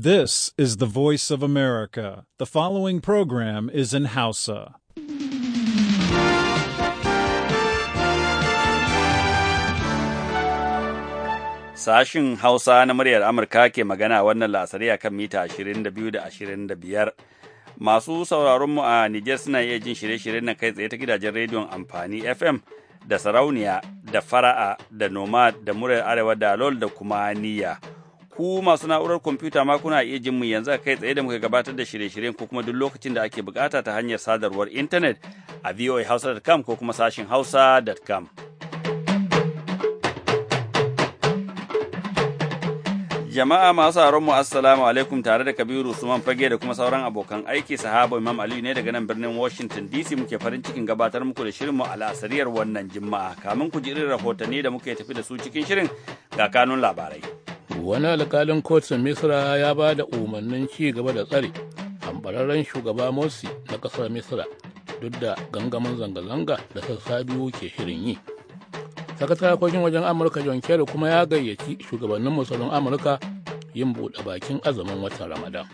This is the voice of America. The following program is in Hausa. Sashin Hausa na muryar Amurka ke magana wannan lasari a kan mita 22 da 25. Masu sauraronmu a Nijar suna iya jin shirye-shiryen na kai tsaye ta gidajen rediyon amfani FM da sarauniya da fara'a da nomad da muryar arewa da lol da kuma niyya. ku masu na'urar kwamfuta ma kuna iya jin mu yanzu kai tsaye da muka gabatar da shirye-shiryen ko kuma duk lokacin da ake bukata ta hanyar sadarwar intanet a voahausa.com ko kuma sashin hausa.com. Jama'a masu haron mu assalamu alaikum tare da Kabiru Usman Fage da kuma sauran abokan aiki sahaba Imam Aliyu ne daga nan birnin Washington DC muke farin cikin gabatar muku da shirin mu a la'asariyar wannan Juma'a. kamun ku ji irin rahotanni da muke tafi da su cikin shirin ga kanun labarai. wani alkalin kotun misra ya ba da umarnin ci gaba da tsare ambararren shugaba morsi na kasar misra duk da gangamin zanga-zanga da sassa biyu ke shirin yi sakataren harkokin wajen amurka john kerry kuma ya gayyaci shugabannin musulun amurka yin buɗe bakin azumin watan ramadan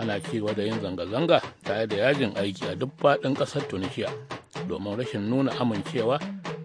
ana ci gaba da yin zanga-zanga tare da yajin aiki a duk faɗin ƙasar tunisia domin rashin nuna amincewa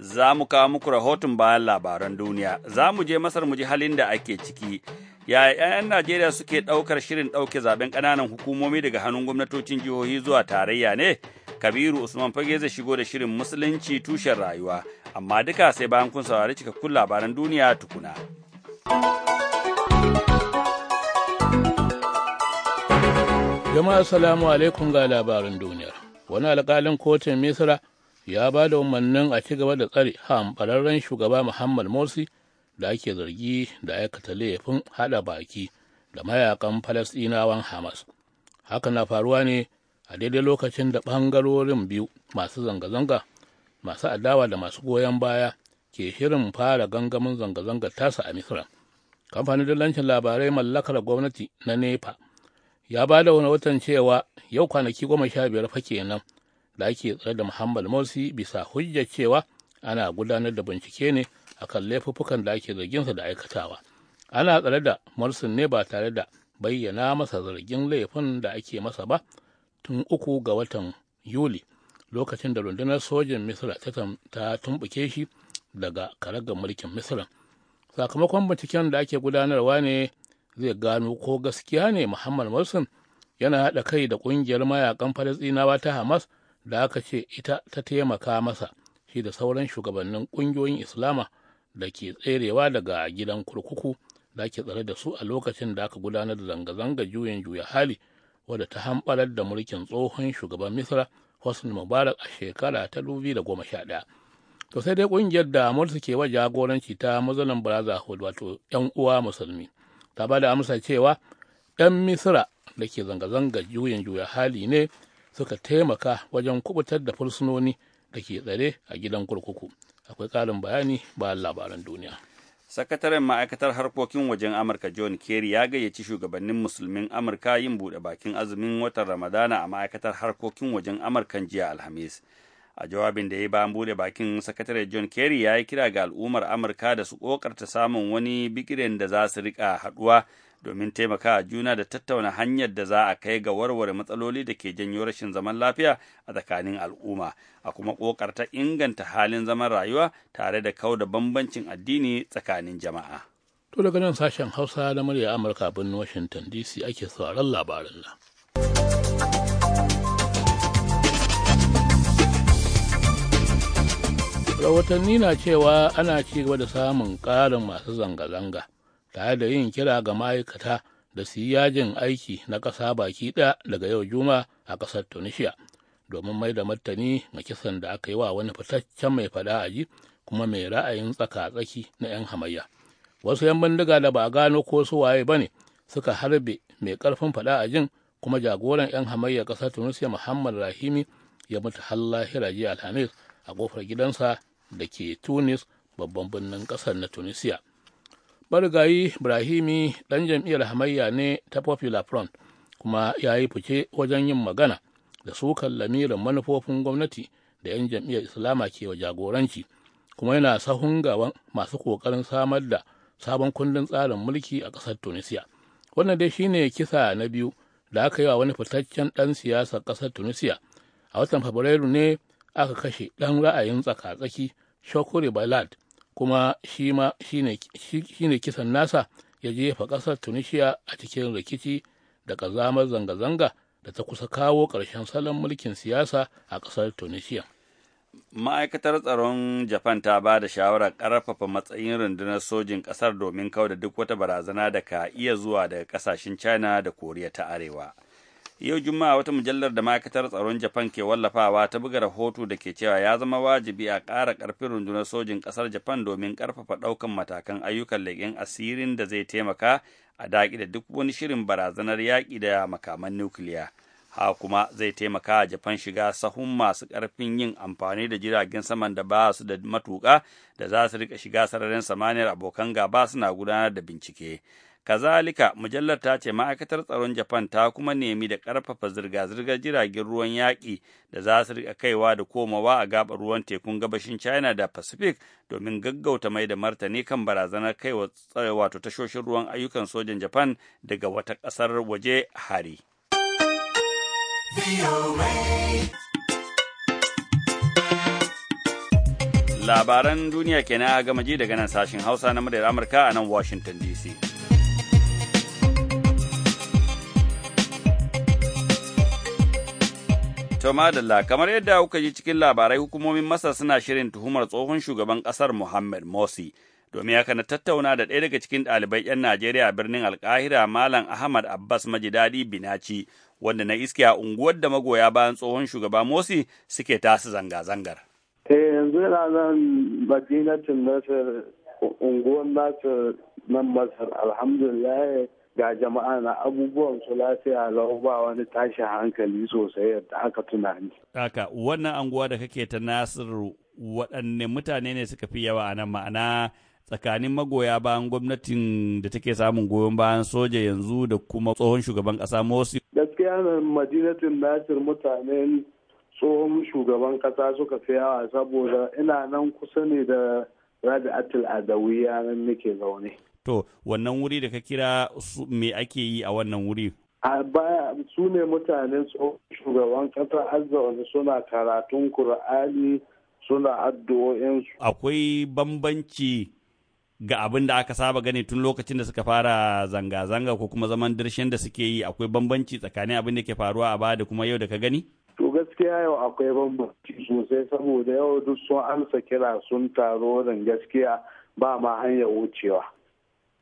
za mu kawo muku rahoton bayan labaran duniya za mu je masar mu ji halin da ake ciki yaya 'yan najeriya suke ɗaukar shirin ɗauke zaben ƙananan hukumomi daga hannun gwamnatocin jihohi zuwa tarayya ne kabiru usman fage zai shigo da shirin musulunci tushen rayuwa amma duka sai bayan kun saurari cikakkun labaran duniya tukuna jama'a salamu alaikum ga labaran duniya wani alƙalin kotun misra ya ba da umarnin a ci gaba da tsare hambararren shugaba muhammad morsi da ake zargi da aikata laifin haɗa baki da mayakan falasɗinawan hamas haka na faruwa ne a daidai lokacin da ɓangarorin biyu masu zanga-zanga masu adawa da masu goyon baya ke shirin fara gangamin zanga-zanga tasa a misra kamfanin dillancin labarai mallakar gwamnati na nepa ya ba da wani watan cewa yau kwanaki goma sha biyar fa kenan da ake tsare da muhammad morsi bisa hujjar cewa ana gudanar da bincike ne a akan laifuffukan da ake zarginsa da aikatawa ana tsare da Mursin ne ba tare da bayyana masa zargin laifin da ake masa ba tun uku ga watan yuli lokacin da rundunar sojin misra ta tumbuke shi daga karagar mulkin misra sakamakon binciken da ake gudanarwa ne zai gano ko gaskiya ne muhammad Mursin yana haɗa kai da ƙungiyar mayakan falasɗinawa ta hamas da aka ce ita ta taimaka masa shi da sauran shugabannin ƙungiyoyin islama da ke tserewa daga gidan kurkuku da ake tsare da su a lokacin da aka gudanar da zanga-zanga juyin juya hali wadda ta hamɓarar da mulkin tsohon shugaban misra hosni mubarak a shekara ta da goma sha ɗaya. to sai dai ƙungiyar da amurka ke wa jagoranci ta mazalin hud wato yan uwa musulmi ta ba da amsa cewa yan misra da ke zanga-zanga juyin juya hali ne suka taimaka wajen kubutar da fursunoni da ke tsare a gidan kurkuku akwai ƙarin bayani bayan labaran duniya sakataren ma'aikatar harkokin wajen amurka john kerry ya gayyaci shugabannin musulmin amurka yin buɗe bakin azumin watan ramadana a ma'aikatar harkokin wajen amurkan jiya alhamis a jawabin da ya yi bayan buɗe bakin sakatare john kerry ya yi kira ga al'ummar amurka da su ƙoƙarta samun wani bikiren da za su riƙa haɗuwa domin taimakawa juna da tattauna hanyar da za a kai ga warware matsaloli da ke janyo rashin zaman lafiya a tsakanin al'umma a kuma ƙoƙarta inganta halin zaman rayuwa tare da kau da bambancin addini tsakanin jama'a. To daga nan sashen Hausa na murya Amurka birnin Washington DC ake sauraron labarin nan. Rahotanni na cewa ana ci gaba da samun ƙarin masu zanga-zanga. tare da yin kira ga ma'aikata da su yi yajin aiki na ƙasa baki ɗaya daga yau juma a ƙasar tunisia domin mai da martani ga kisan da aka yi wa wani fitaccen mai faɗa aji kuma mai ra'ayin tsaka-tsaki na 'yan hamayya wasu 'yan bindiga da ba a gano ko su waye ba ne suka harbe mai ƙarfin faɗa a jin kuma jagoran 'yan hamayya ƙasar tunisia muhammad rahimi ya mutu har lahira jiya alhamis a ƙofar gidansa da ke tunis babban birnin ƙasar na tunisia marigayi ibrahimi ɗan jam'iyyar hamayya ne ta popular front kuma ya yi fice wajen yin magana da sukan lamirin manufofin gwamnati da 'yan jam'iyyar islama ke wa jagoranci kuma yana sahun gaban masu ƙoƙarin samar da sabon kundin tsarin mulki a ƙasar tunisia wannan dai shine kisa na biyu da aka yi wa wani fitaccen ɗan siyasar ƙasar tunisia a watan fabrairu ne aka kashe ɗan ra'ayin tsakatsaki tsaki balad kuma shi ne kisan nasa ya jefa ƙasar tunisia a cikin rikici da ƙazamar zanga-zanga da ta kusa kawo ƙarshen salon mulkin siyasa a ƙasar tunisia ma'aikatar tsaron japan ta ba da shawarar ƙarfafa matsayin rundunar sojin ƙasar domin kauda duk wata barazana da ka iya zuwa daga ƙasashen china da koriya ta arewa yau juma'a wata mujallar da ma'aikatar tsaron japan ke wallafawa ta buga rahoto da ke cewa ya zama wajibi a ƙara ƙarfin rundunar sojin ƙasar japan domin ƙarfafa ɗaukan matakan ayyukan leƙen asirin da zai taimaka a daƙi da duk wani shirin barazanar yaƙi da makaman nukiliya ha kuma zai taimaka a japan shiga sahun masu ƙarfin yin amfani da jiragen saman da ba su da matuƙa da za su riƙa shiga sararin samaniyar abokan gaba suna gudanar da bincike Kazalika, mujallar ta ce ma'aikatar tsaron Japan ta kuma nemi da ƙarfafa zirga-zirgar jiragen ruwan yaƙi da za su riƙa kaiwa da komawa a gaɓar ruwan tekun gabashin China da Pacific domin gaggauta mai da martani kan barazanar kaiwa wato tashoshin ruwan ayyukan sojan Japan daga wata ƙasar waje hari. Labaran duniya kenan a gama ji daga nan sashen Hausa na muryar Amurka a nan Washington DC. To madalla kamar yadda kuka ji cikin labarai hukumomin Masar suna shirin tuhumar tsohon shugaban ƙasar Muhammad Morsi. Domin haka na tattauna da ɗaya daga cikin ɗalibai 'yan Najeriya a birnin Alkahira Malam Ahmad Abbas Majidadi Binaci wanda na iske a unguwar da magoya bayan tsohon shugaba Morsi suke tasu zanga-zangar. Eh yanzu yana nan Madinatin Nasir unguwar Nasir nan Masar alhamdulillah ga jama'a na abubuwan su lafiya lau ba wani tashi hankali sosai yadda aka tunani. Haka wannan anguwa da kake ta Nasiru waɗanne mutane ne suka fi yawa a nan ma'ana tsakanin magoya bayan gwamnatin da take samun goyon bayan soja yanzu da kuma tsohon shugaban ƙasa Morsi. Gaskiya na madinatin Nasir mutane tsohon shugaban ƙasa suka fi yawa saboda ina nan kusa ne da Rabi'atul Adawiya nan nake zaune. to wannan wuri da ka kira me ake yi a wannan wuri a baya su ne mutanen shugaban ƙasar azza suna karatun kur'ani suna addu'o'insu akwai bambanci ga abin da aka saba gani tun lokacin da suka fara zanga-zanga ko kuma zaman dirshin da suke yi akwai bambanci tsakanin abin da ke faruwa a baya da kuma yau da ka gani? To gaskiya yau akwai bambanci sosai saboda yau duk sun amsa kira sun taro gaskiya ba ma hanyar wucewa.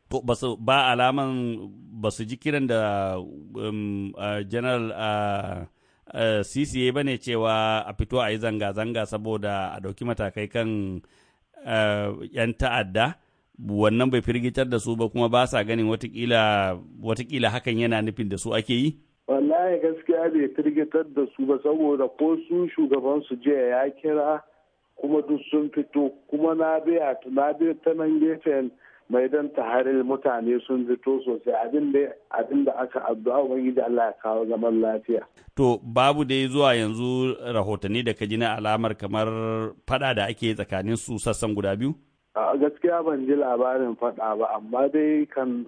to ba ba alaman ba su ji kiran da um, uh, general uh, uh, CCA ba ne cewa a fito a yi zanga-zanga saboda a ɗauki matakai kan uh, 'yan ta'adda wannan bai firgitar da su ba kuma ba sa ganin watakila hakan yana nufin da su ake yi? wallahi gaskiya bai firgitar da su ba saboda ko su shugaban su jiya ya kira kuma duk sun fito kuma na biya ta nan gefen mai don taharir mutane sun fito sosai abin da aka addu'a ubangiji Allah ya kawo zaman lafiya. To babu dai zuwa yanzu rahotanni da ka ji na alamar kamar fada da ake tsakanin su sassan guda biyu? gaskiya ban ji labarin fada ba amma dai kan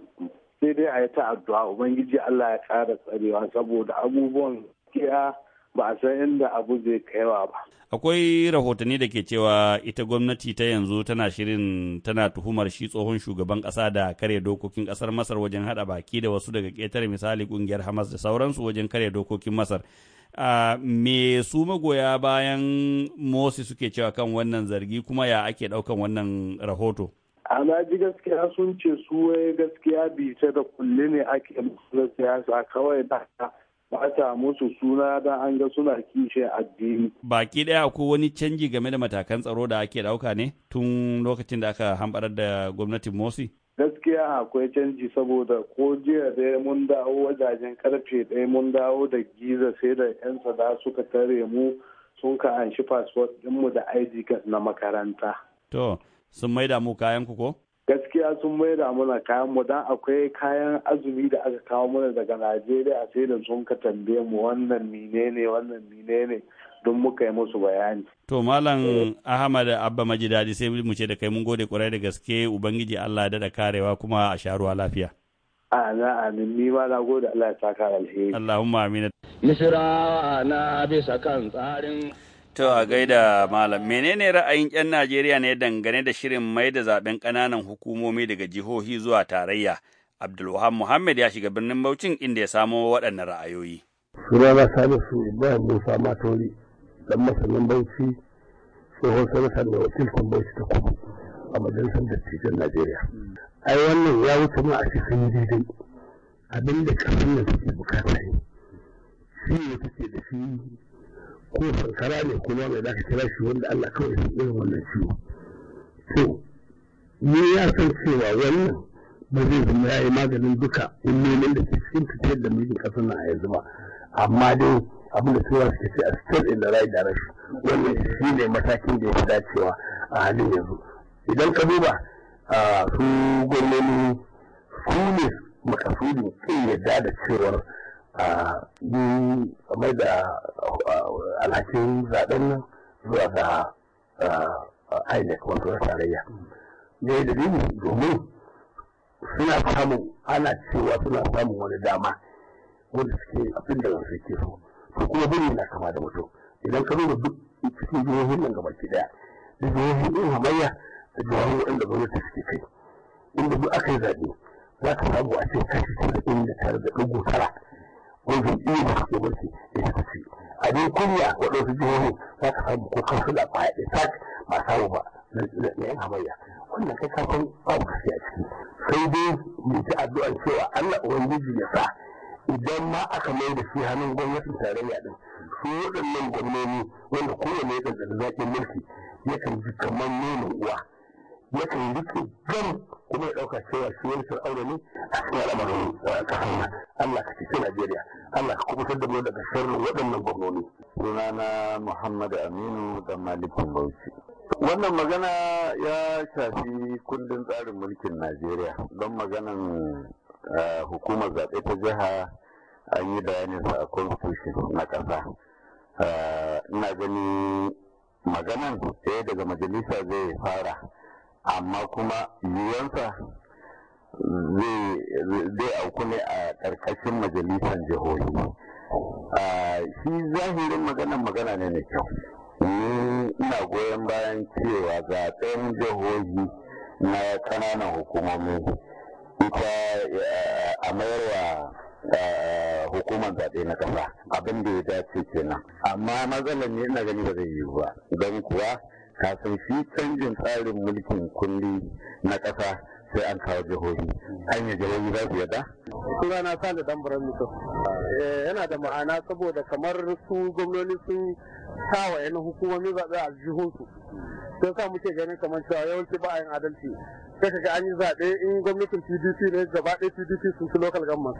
sai dai a yi ta addu'a ubangiji Allah ya kara tsarewa saboda abubuwan kiya ba a san inda abu zai kaiwa ba. Akwai rahotanni da ke cewa ita gwamnati ta yanzu tana shirin tana tuhumar shi tsohon shugaban kasa da kare dokokin kasar Masar wajen haɗa baki da wasu daga ƙetare misali kungiyar Hamas da sauransu wajen kare dokokin Masar. me su magoya bayan Mosi suke cewa kan wannan zargi kuma ya ake ɗaukan wannan rahoto? ana ji gaskiya sun ce su gaskiya bi ta da kulle ne ake musu siyasa kawai da bata musu suna da an ga suna kishe addini. Baki ɗaya akwai wani canji game da matakan tsaro da ake ɗauka ne tun lokacin da aka hambarar da gwamnatin Morsi? Gaskiya akwai canji saboda ko jiya ɗaya mun dawo wajajen karfe ɗaya mun dawo da giza sai da 'yan sada suka tare mu sun ka anshi fasfot mu da ID card na makaranta. To, sun maida mu kayan ku ko? gaskiya sun da mana kayan mu dan akwai kayan azumi da aka kawo mana daga najeriya sai da sun ka tambaye mu wannan ne wannan ne don muka yi musu bayani to malam ahmad abba majidadi sai mu ce da kai mun gode kwarai da gaske ubangiji allah da karewa kuma a sharuwa lafiya Ana amin ni ma na gode Allah ya saka alheri. Allahumma amina. Misra na bisa kan tsarin To a gaida malam menene ra'ayin 'yan Najeriya ne dangane da shirin mai da zaben ƙananan hukumomi daga jihohi zuwa tarayya. Abdulwahab Muhammad ya shiga birnin Baucin inda ya samo waɗannan ra'ayoyi. Sunana Salisu Ibrahim Musa Matori dan masanin Bauchi tsohon sanatar da wakilcin Bauchi ta kuma a majalisar dattijan Najeriya. Ai wannan ya wuce ma a cikin daidai abinda kafin nan suke bukata ne. Shi ne take da shi ko sankara ne kuma mai za kira shi wanda Allah kawai su irin wannan ciwo to ni ya san cewa wannan ba zai zama ya yi maganin duka illolin da ke cikin tafiyar da mijin ƙasar na yanzu ba amma dai abin da tura suke ce a step in the right direction wannan shi ne matakin da ya fi dacewa a halin yanzu idan ka duba su gwamnoni su ne makasudin kin yadda da cewar yi mai da alhakin zaɓen nan zuwa ga INEC wato na tarayya. Ne da domin suna samun ana cewa suna samun wani dama wanda suke abin da wasu ke so to kuma biri na kama da mutum idan ka zo duk cikin jihohin nan gabaki ɗaya da jihohin ɗin hamayya da jihohin waɗanda gwamnati suke kai inda duk aka yi zaɓe za ka samu a ce kashi da tara da ɗigo tara wani jam'iyyar da suke mulki da suka ci abin kunya waɗansu jihohi za ka samu ko kansula kwaya ɗaya tak ba samu ba na yan hamayya wannan kai ka san babu kasi a ciki sai dai mu ji addu'ar cewa Allah ubangiji ya sa idan ma aka mai da shi hannun gwamnatin tarayya din su waɗannan gwamnoni wanda kowane ya ɗanɗana zaƙin mulki yakan ji kamar nonon uwa yakan rike gan. kuma ya ɗauka cewa shi wani fir'auna ne a cikin al'amarin ƙasar nan Allah ka cece Najeriya Allah ka kuma da mu daga sharrin waɗannan gwamnoni. Sunana Muhammad Aminu da Malikin Bauchi. Wannan magana ya shafi kundin tsarin mulkin Najeriya don maganan ah, hukumar zaɓe ta jiha an yi sa a constitution na ƙasa. Ah, ina gani maganan ɗaya daga majalisa zai fara. amma kuma yiwuwansa zai auku ne a ƙarƙashin majalisar jihohi shi zahirin magana magana ne na kyau ina goyon bayan cewa zaɓen jihohi na ƙananan hukumomi ita eh, a mayarwa eh, hukumar zaɓe na ƙasa abin da ya dace kenan amma matsalar ne ina gani ba zai yi ba don kuwa kafin shi canjin tsarin mulkin kundi na ƙasa sai an kawo jihohi an yi jihohi za su yadda? suna na sa da dambara. mutum eh, yana da ma'ana saboda kamar su gwamnoni sun kawo yan hukumomi zaɓe a jihunsu sai sa muke ganin kamar cewa yawanci ba a yin adalci sai kaga an yi zaɓe in gwamnatin pdp ne gaba ɗaya pdp sun fi local government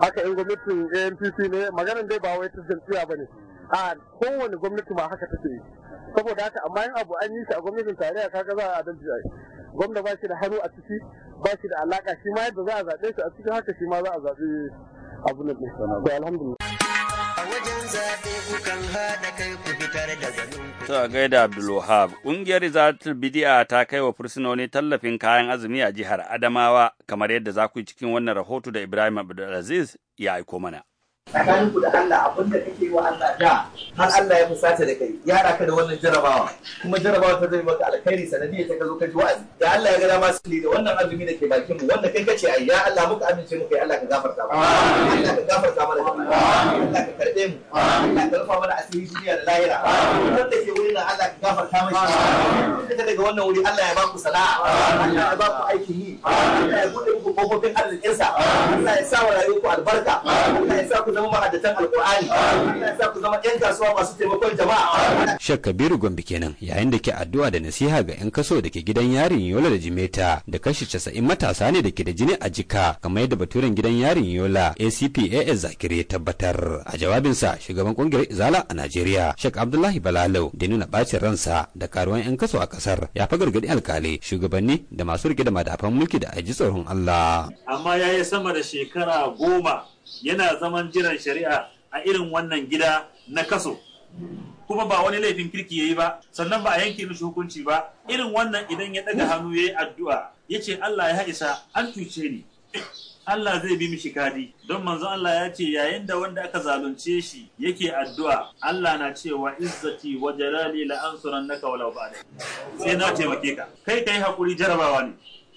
haka in gwamnatin anpp ne maganar dai ba wai ta jam'iyya ba ne a kowane gwamnati ma haka take yi saboda haka amma yin abu an yi shi a gwamnatin tarayya kaga za a adalci a gwamna ba shi da hannu a ciki ba shi da alaka shi ma yadda za a zaɓe shi a cikin haka shi ma za a zaɓe abu na ɗin alhamdulillah a wajen zaɓe kukan haɗa kai ku fitar da ganin ta gaida Abdulwahab, ƙungiyar Bidi'a ta kai wa fursunoni tallafin kayan azumi a jihar Adamawa, kamar yadda za ku yi cikin wannan rahoto da Ibrahim Abdulaziz ya aiko mana. tsakaninku da Allah abinda kake wa Allah da har Allah ya fusata da kai ya haɗa ka da wannan jarabawa kuma jarabawa ta zai maka alkhairi sanadiyar ta zo ka ji wa'azi da Allah ya ga dama su da wannan azumi da ke bakin mu wanda kai kace ai ya Allah muka amince muka ya Allah ka gafarta mu!" Allah ka gafarta mana Allah ka karbe mu Allah ka rufa mana asiri duniya da lahira wanda ke wurin nan Allah ka gafarta mashi duka daga wannan wuri Allah ya ba ku sana'a Allah ya ba ku aikin yi Allah ya bude muku kofofin arzikinsa Allah ya sa wa ku albarka Allah ya sa ku zama mahaddatan yan kasuwa masu taimakon jama'a Shek Kabiru Gombe kenan yayin da ke addu'a da nasiha ga yan kaso da ke gidan yarin Yola da Jimeta da kashi casa'in matasa ne da ke da jini a jika kamar yadda baturen gidan yarin Yola ACP AS ya tabbatar a jawabinsa shugaban kungiyar Izala a Najeriya Shek Abdullahi Balalau da nuna bacin ransa da karuwan yan kaso a kasar ya fa gargadi alkali shugabanni da masu rike da madafan mulki da aji tsoron Allah amma yayi sama da shekara goma yana zaman jiran shari'a a irin wannan gida na kaso kuma ba wani laifin kirki ya yi ba sannan ba a yanke mishi hukunci ba irin wannan idan ya daga hannu ya yi addu'a Ya ce Allah ya isa an tuce ni Allah zai bi mishi kadi don manzo Allah ya ce yayin da wanda aka zalunce shi yake addu'a Allah na cewa izzati wa jalali la ansurannaka walau ba'da sai na taimake ka kai ka yi hakuri jarabawa ne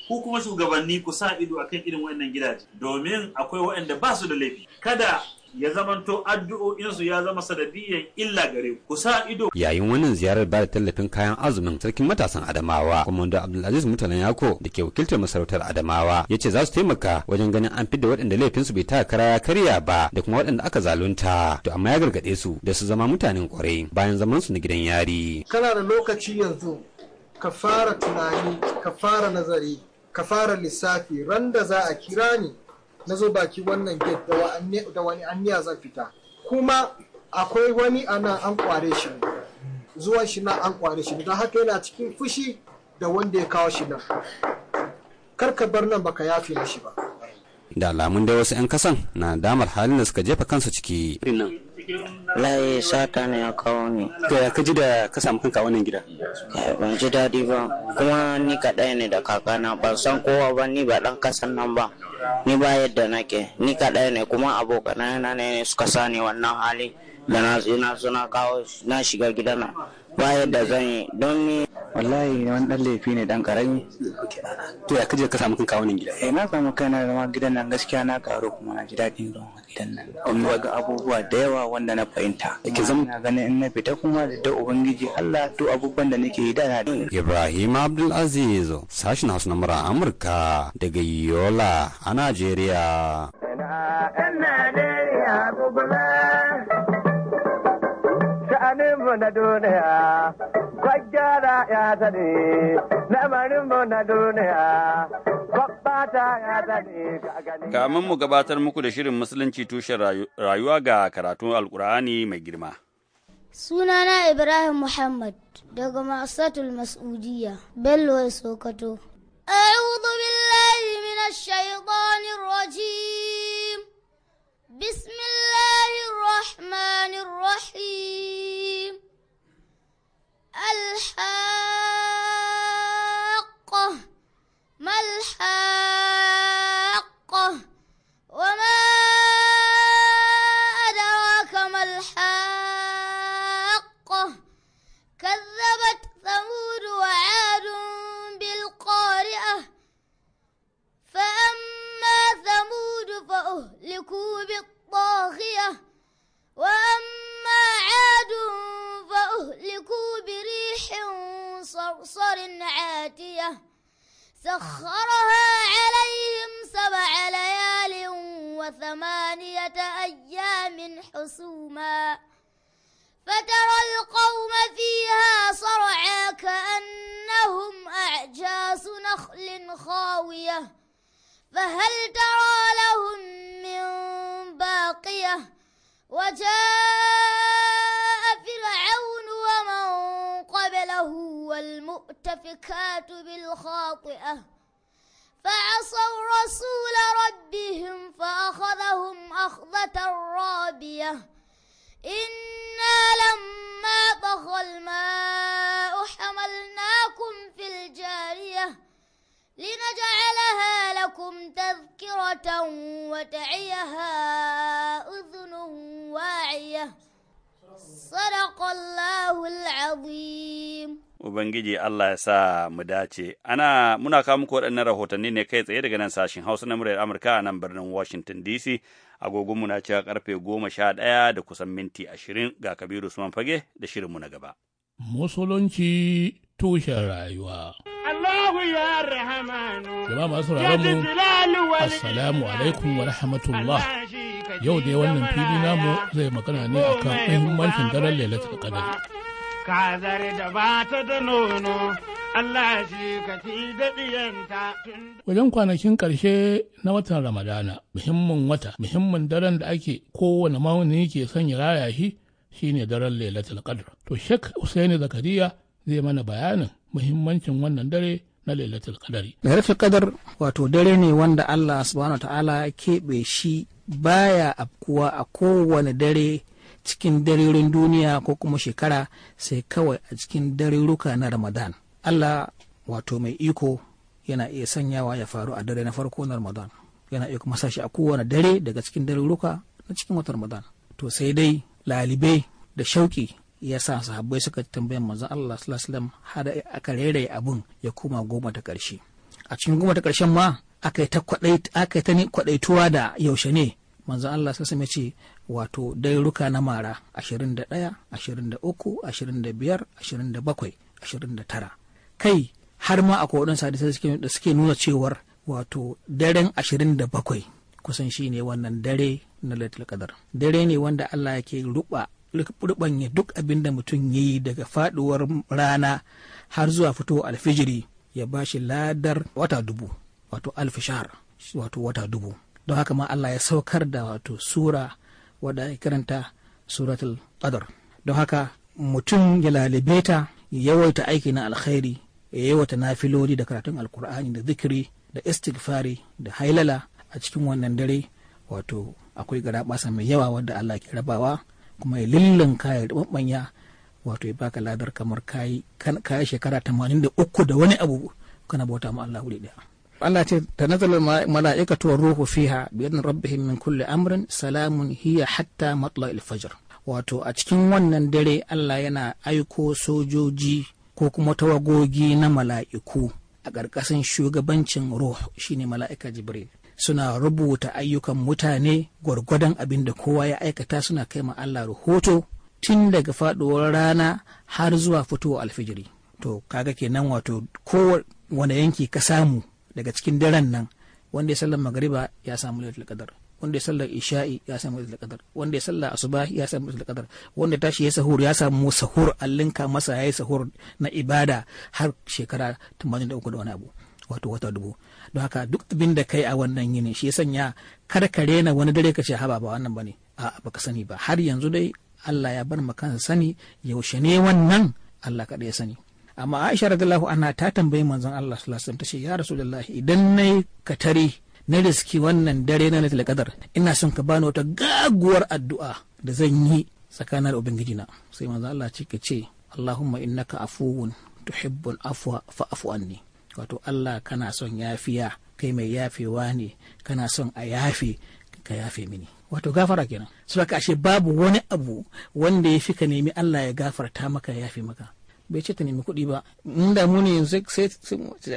ku kuma shugabanni ku sa ido akan irin wannan gidaje domin akwai waɗanda ba su da laifi kada ya zamanto addu'o'insu ya zama sanadiyyar illa gare ku sa ido yayin wannan ziyarar ba da tallafin kayan azumin sarkin matasan adamawa komando abdulaziz mutanen yako da ke wakiltar masarautar adamawa ya ce za su taimaka wajen ganin an fidda waɗanda laifinsu bai taka kara ya karya ba da kuma waɗanda aka zalunta to amma ya gargaɗe su da su zama mutanen kwarai bayan zaman su na gidan yari kana da lokaci yanzu ka fara tunani ka fara nazari ka fara lissafi ran da za a kira ni na zo baki wannan gate da wani anniya zan fita kuma akwai wani ana an kware shi zuwa shi na an kware shi don haka yana cikin fushi da wanda ya kawo shi nan karka bar nan baka yafe mishi ba da alamun da wasu 'yan kasan na damar halin da suka jefa kansu ciki layi sata ne a kawo ne to ya kaji da ka samu kanka wannan gida eh, ban ji daɗi ba kuma ni kaɗai ne da kakana ban san kowa ba ni ba ɗan kasan nan ba ni ba yadda nake ni kaɗai ne kuma abokan na ne suka sani wannan hali da na suna kawo na shiga gidana baya da zan yi don wallahi wani dan laifi ne dan karami to ya kaje ka samu kanka wannan gida eh na samu kaina zama gidan nan gaskiya na karo kuma na ji daɗin ruwan gidan nan amma ga abubuwa da yawa wanda na fahimta yake zama na ganin in na fita kuma da da ubangiji Allah to abubuwan da nake yi da na Ibrahim Abdul Aziz sashin Hausa na Amurka daga Yola a Najeriya na duniya kwaggara ya zane lamarin mu na duniya kamin mu gabatar muku da shirin musulunci tushen rayuwa ga karatun alkur'ani mai girma sunana ibrahim muhammad daga masatul masudiya bello sokoto أعوذ billahi من الشيطان rajim بسم الله rahim الحق المؤتفكات بالخاطئة فعصوا رسول ربهم فأخذهم أخذة رابية إنا لما طغى الماء حملناكم في الجارية لنجعلها لكم تذكرة وتعيها أذن واعية صدق الله العظيم Ubangiji Allah ya sa mu dace. Ana muna kawo muku waɗannan rahotanni ne kai tsaye daga nan sashen Hausa na muryar Amurka a nan birnin Washington DC. Agogonmu na cewa karfe goma sha ɗaya da kusan minti ashirin ga Kabiru Usman Fage da shirinmu na gaba. Musulunci tushen rayuwa. Allahu ya rahamanu. Jama'a masu mu Assalamu alaikum wa rahmatullah. Yau dai wannan fili namu zai magana ne akan muhimmancin daren lailatul qadr. kazar da ba da nono Allah shi ka ci Wajen kwanakin ƙarshe na watan Ramadana, muhimmin wata, muhimmin daren da ake kowane mawuni ke sanya raya shi shine daren Lailatul Qadr. To Sheikh Usaini Zakariya zai mana bayanin muhimmancin wannan dare na Lailatul Qadari. Lailatul Qadar wato dare ne wanda Allah subhanahu ta'ala keɓe shi baya afkuwa a kowane dare cikin darerin duniya ko kuma shekara sai kawai a cikin dareruka na ramadan allah wato mai iko yana iya sanyawa ya faru a dare na farko na ramadan yana iya kuma sashi a kowane dare daga cikin dareruka na cikin watan ramadan to sai dai lalibai da shauki ya sa sahabbai suka tambayan manzon allah sallallahu har aka rairaye abun ya koma goma ta ƙarshe a cikin goma ta ƙarshen ma aka yi ta kwaɗaituwa da yaushe ne manzon Allah sai ya ce wato dairuka na mara 21 23 25 29 kai har ma a kowaɗin hadisai da suke nuna cewar wato daren 27 kusan shi ne wannan dare na Laitul Qadar dare ne wanda Allah yake ruba rubanya duk abin da mutum ya yi daga faduwar rana har zuwa fito alfijiri ya bashi ladar wata dubu wato alfishar wato wata dubu don haka ma Allah ya saukar da wato sura wadda ya karanta suratul qadar don haka mutum ya lalibe ta yawaita aiki na alkhairi ya yawaita nafiloli da karatun alkur'ani da zikiri da istighfari da hailala a cikin wannan dare wato akwai garaɓasa mai yawa wadda Allah ke rabawa kuma ya kaya ya mabanya wato ya baka ladar kamar kayi shekara 83 da wani abu kana bauta ma Allah wuri daya Allah ce ta nazalar mala'ikatuwar wa ruhu fiha biyar na rabbihim min kulli amrin salamun hiya hatta matla ilfajar. wato a cikin wannan dare Allah yana aiko sojoji ko kuma tawagogi na mala'iku a ƙarƙashin shugabancin ruh shine mala'ika jibril suna rubuta ayyukan mutane gwargwadon abin da kowa ya aikata suna kai ma Allah rahoto tun daga faɗuwar rana har zuwa fitowar alfijiri to kaga kenan wato kowane yanki ka samu daga cikin daren nan wanda ya sallar magariba ya samu lailatul qadar wanda ya sallar isha'i ya samu lailatul qadar wanda ya sallar asuba ya samu lailatul qadar wanda tashi ya sahur ya samu sahur allinka masa yayi sahur na ibada har shekara 83 da wani abu wato wata dubu don haka duk abin da kai a wannan yini shi ya sanya kada ka rena wani dare ka ce haba ba wannan bane a baka sani ba har yanzu dai Allah ya bar maka sani yaushe ne wannan Allah kaɗai ya sani amma Aisha radiyallahu anha ta tambayi manzon Allah sallallahu alaihi wasallam ta ce ya rasulullahi idan nayi katari na riski wannan dare na lailatul qadar ina son ka bani wata gaguwar addu'a da zan yi tsakanin da ubangijina sai manzon Allah ce ka ce Allahumma innaka afuwun tuhibbul afwa fa'fu anni wato Allah kana son yafiya kai mai yafewa ne kana son a yafe ka yafe mini wato gafara kenan ka ashe babu wani abu wanda ya fi ka nemi Allah ya gafarta maka ya yafe maka bai ce ta nemi kuɗi ba in da mu ne yanzu sai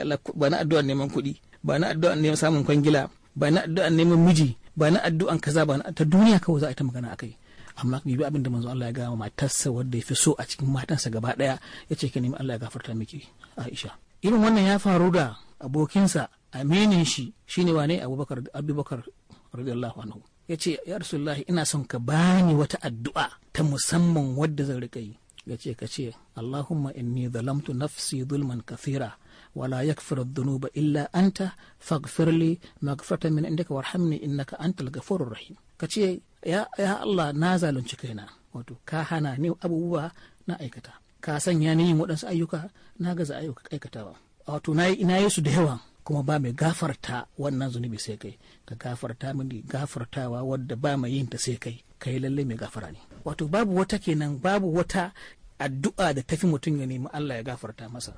Allah ba na addu'a neman kuɗi ba na addu'a neman samun kwangila ba na addu'a neman miji ba na addu'an kaza ba ta duniya kawai za a yi ta magana akai amma bibi abin da manzo Allah ya gaya matarsa wadda ya fi so a cikin matansa gaba ɗaya ya ce ka nemi Allah ya gafarta miki Aisha irin wannan ya faru da abokinsa aminin shi shine wane Abubakar Abubakar radiyallahu anhu ya ce ya Rasulullahi ina son ka bani wata addu'a ta musamman wadda zan rika yi ya ce ka ce Allahumma inni zalamtu nafsi zulman kathira wala yakfiru dhunuba illa anta faghfirli maghfiratan min indaka warhamni innaka antal ghafurur rahim ka ce ya Allah na zalunci kaina wato ka hana ni abubuwa na aikata ka sanya ni yin waɗansu ayyuka na gaza ayyuka aikatawa wato na yi su da yawa kuma ba mai gafarta wannan zunubi sai kai ka gafarta mini gafartawa wadda ba mai yin ta sai kai kai lalle mai gafara ne wato babu wata kenan babu wata addu'a da tafi mutum ya nemi Allah ya gafarta masa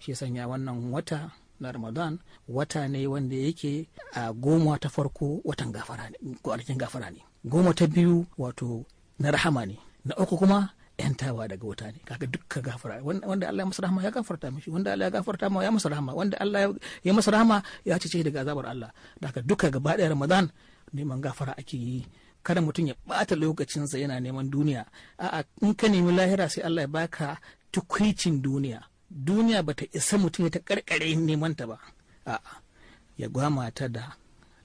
shi sanya wannan wata na ramadan wata ne wanda yake a goma ta farko watan gafara ne kwanakin gafara ne goma ta biyu wato na rahama ne na uku kuma yantawa daga wuta ne kaga dukka gafara wanda Allah ya masa rahama ya gafarta mishi wanda Allah ya gafarta ma ya masa rahama wanda Allah ya masa rahama ya cece daga azabar Allah daga duka gaba ɗaya ramadan neman gafara ake yi kada mutum ya bata lokacinsa yana neman duniya a'a in ka nemi lahira sai Allah ya baka tukwicin duniya duniya bata isa mutum ya ta karkare neman ta ba a'a ya gwama ta da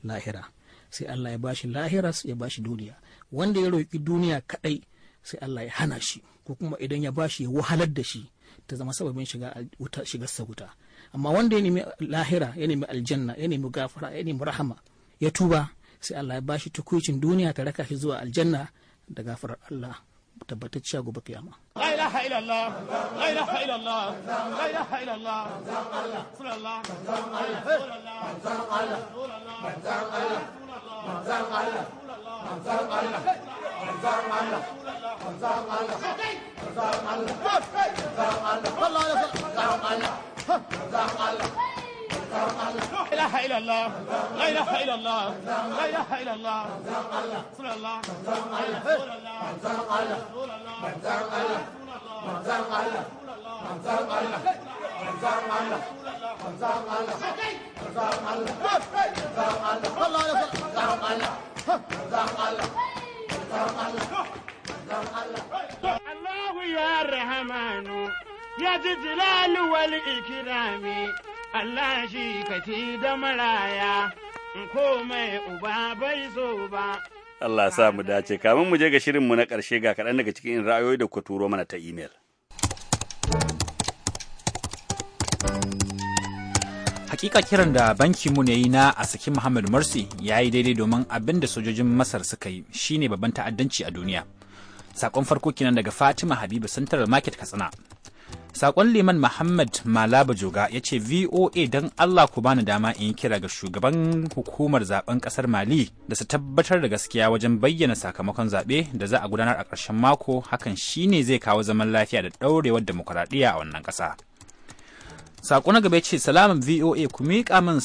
lahira sai Allah ya bashi lahira ya bashi duniya wanda ya roƙi duniya kadai sai Allah ya hana shi ko kuma idan ya bashi ya wahalar da shi ta zama sababin shiga wuta shigar sa wuta amma wanda ya nemi lahira ya nemi aljanna ya nemi gafara ya nemi rahama ya tuba sai Allah ya shi tukuicin duniya ta raka shi zuwa aljanna da gafarar Allah cewa gobe kiyama Allah, ilaha allah... la allah... illallah allah... ilaha allah... sallallahu allah... wasallam Allah الله لا إله إلا الله لا إله إلا الله رسول الله رسول الله رسول الله رسول الله رسول الله الله يا الرحمن يا ذي الجلال والإكرام Allah shi kaci da maraya, ko mai uba bai so ba. Allah sa mu dace, kamar mu je ga shirin mu na ƙarshe ga kaɗan daga cikin ra'ayoyi da ku turo mana ta imel. hakika kiran da banki mu ne yi na a saki Muhammad Morsi ya yi daidai domin abin da sojojin Masar suka yi shine babban ta'addanci a duniya. Sakon farko kenan daga Fatima Habibu Central Market Katsina. Sakon Liman Muhammad Malaba Joga ya ce VOA don Allah ku bani dama in kira ga shugaban hukumar zaben kasar Mali da su tabbatar da gaskiya wajen bayyana sakamakon zaɓe da za a gudanar a ƙarshen mako hakan shine zai kawo zaman lafiya da ɗaurewar demokuraɗiyya a wannan ƙasa. Sako na gaba ce salamin VOA ku miƙa min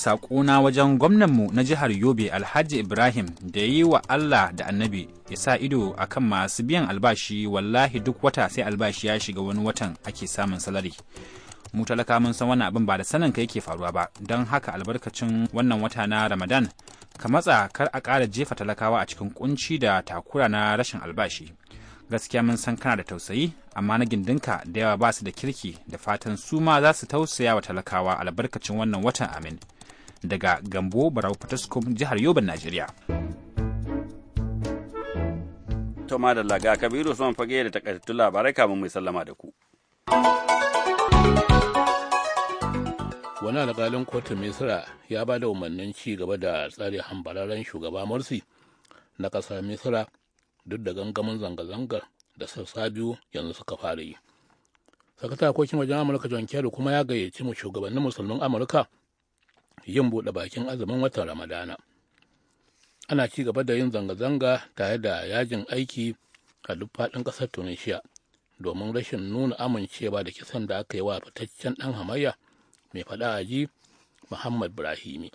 na wajen gwamnan mu na jihar Yobe Alhaji Ibrahim da yi wa Allah da annabi ya sa ido a kan masu biyan albashi wallahi duk wata sai albashi ya shiga wani watan ake samun salari. Mu talaka mun san wannan abin ba da sanin ka yake faruwa ba don haka albarkacin wannan wata na Ramadan ka matsa kar a ƙara jefa talakawa a cikin kunci da takura na rashin albashi. gaskiya mun san kana da tausayi amma na gindinka da yawa ba su da kirki da fatan su ma za su tausaya wa talakawa albarkacin wannan watan amin daga gambo barau fataskum jihar yoban najeriya to da laga kabiru sun fage da takaitattun labarai kamun mai sallama da ku wani alƙalin kotun misira ya ba da umarnin ci gaba da tsare hambararen shugaba morsi na ƙasar misira duk da gangamin zanga-zangar da sassa biyu yanzu suka fara yi sakataren harkokin wajen amurka john kerry kuma ya gayyaci mu shugabannin musulmin amurka yin buɗe bakin azumin watan ramadana ana ci gaba da yin zanga-zanga tare da yajin aiki a duk faɗin ƙasar tunisia domin rashin nuna amincewa da kisan da aka yi wa fitaccen ɗan hamayya mai faɗa a ji muhammad Ibrahim.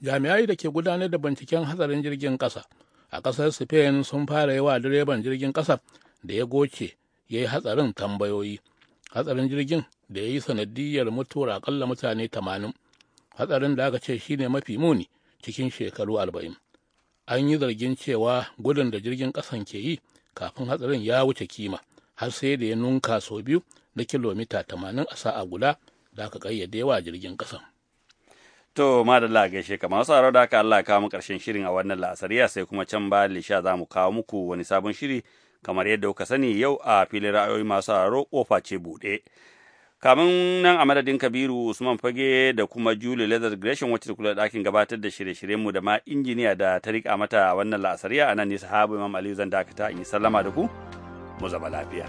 jami'ai da ke gudanar da binciken hatsarin jirgin ƙasa a ƙasar spain sun fara yi wa direban jirgin ƙasa da ya goce ya yi hatsarin tambayoyi hatsarin jirgin da ya yi sanadiyar mutuwar aƙalla mutane tamanin hatsarin da aka ce shine mafi muni cikin shekaru arba'in an yi zargin cewa gudun da jirgin ƙasan ke yi kafin hatsarin ya wuce kima har sai da ya nunka sau biyu na kilomita tamanin a sa'a guda da aka ƙayyade wa jirgin ƙasan To, da gaishe kama wasu haro da aka Allah kawo mu ƙarshen shirin a wannan la'asariya sai kuma can ba lisha za mu kawo muku wani sabon shiri kamar yadda kuka sani yau a filin ra'ayoyi masu haro kofa ce buɗe. Kamin nan a madadin Kabiru Usman Fage da kuma Julie Leather Gresham wacce da kula ɗakin gabatar da shirye-shiryenmu da ma injiniya da ta riƙa mata a wannan la'asariya a nan ne sahabu Imam Aliyu zan dakata in yi sallama da ku mu zama lafiya.